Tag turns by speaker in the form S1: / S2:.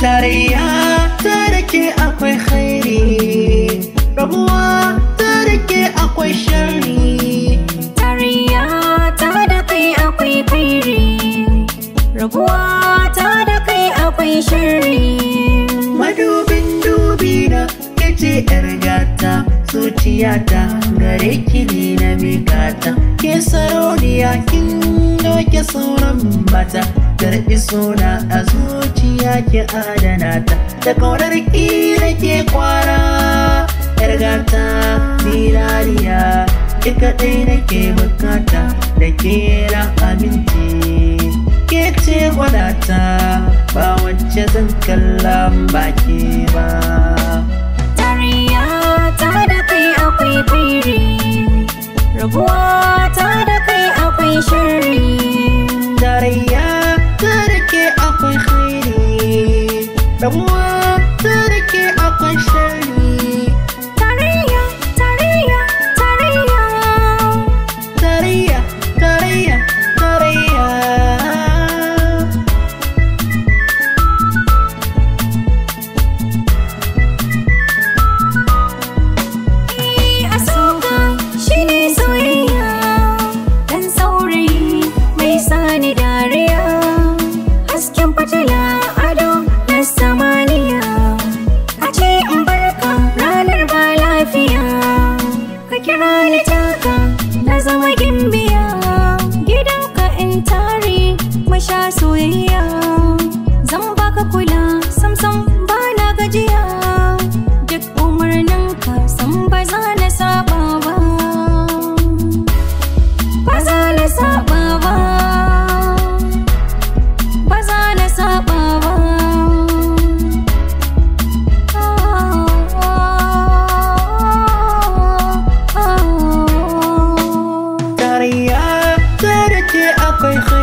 S1: tarayya ta da ke akwai khairi rabuwa ta da ke akwai sharri tarayya ta
S2: da kai akwai khairi rabuwa ta da kai akwai
S1: sharri madubin dubi na ce yar gata zuciyata gare ki na mikata ke sarauniya kin ke sauran mata Dar iso na a zuciya ke adana ta Da kaunar kila ke kwara Yar gata milariya Ki kaɗai ke bukata Da ke ra aminci Ke ce gwadata Ba wacce zan kalla baki ba Tariya ta
S2: Rabuwa ta da kai akwai
S1: shiri damuwa ta da ke akwai shari weer